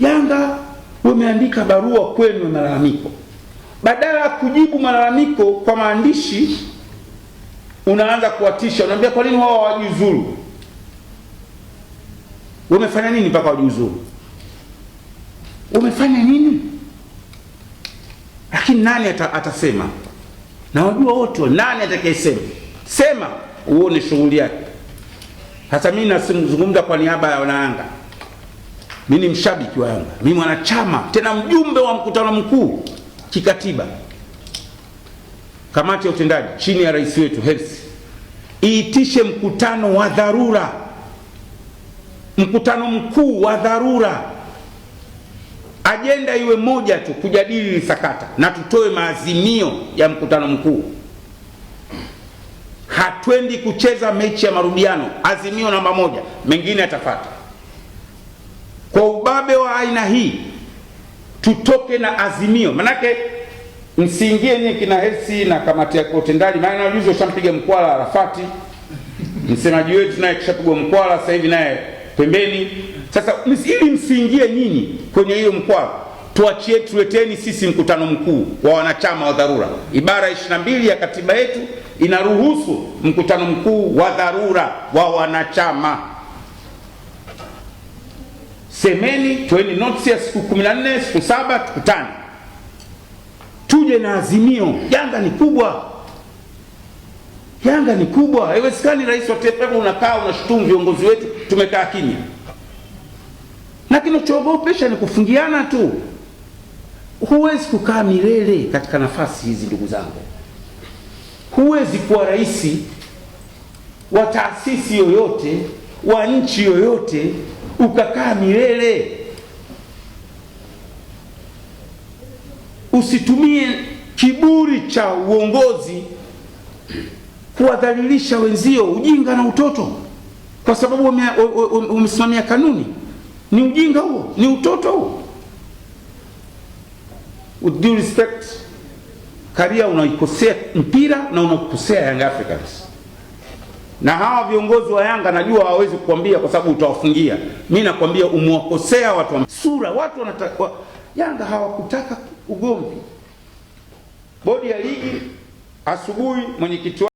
Yanga wameandika barua kwenu ya malalamiko, badala ya kujibu malalamiko kwa maandishi unaanza kuwatisha, unaambia kwa nini wao hawajiuzuru? Wamefanya nini mpaka wajiuzuru? Wamefanya nini? Lakini nani ata, atasema? Na wajua wote, nani atakayesema? Sema uone shughuli yake. hata mimi nazungumza kwa niaba ya wanayanga. Mimi ni mshabiki wa Yanga, mimi mwanachama tena mjumbe wa mkutano mkuu kikatiba, kamati ya utendaji chini ya rais wetu Hersi iitishe mkutano wa dharura, mkutano mkuu wa dharura, ajenda iwe moja tu, kujadili lisakata na tutoe maazimio ya mkutano mkuu. Hatwendi kucheza mechi ya marudiano, azimio namba moja, mengine yatafuata aina hii tutoke na azimio, manake msiingie nyinyi kina hesi na kamati ya utendaji, maana juzi ushampiga mkwala Arafati, msemaji wetu naye kishapigwa mkwala, sasa hivi naye pembeni. Sasa ili msiingie nyinyi kwenye hiyo mkwala, tuachie tuleteni sisi mkutano mkuu wa wanachama wa dharura. Ibara 22 ya katiba yetu inaruhusu mkutano mkuu wa dharura wa wanachama semeni, toeni notisi ya siku 14 siku saba, tukutane tuje na azimio. Janga ni kubwa, janga ni kubwa. Haiwezekani rais wa taifa unakaa unashutumu viongozi wetu, tumekaa kimya, na kinachoogopesha ni kufungiana tu. Huwezi kukaa milele katika nafasi hizi, ndugu zangu. Huwezi kuwa rais wa taasisi yoyote wa nchi yoyote ukakaa milele. Usitumie kiburi cha uongozi kuwadhalilisha wenzio, ujinga na utoto, kwa sababu umesimamia kanuni. Ni ujinga huo, ni utoto huo. With due respect, Karia unaikosea mpira na unakosea Yanga Africans na hawa viongozi wa Yanga najua hawawezi kukwambia kwa sababu utawafungia. Mimi nakwambia umewakosea watu sura, watu wanataka wa, Yanga hawakutaka ugomvi. Bodi ya ligi asubuhi mwenyekiti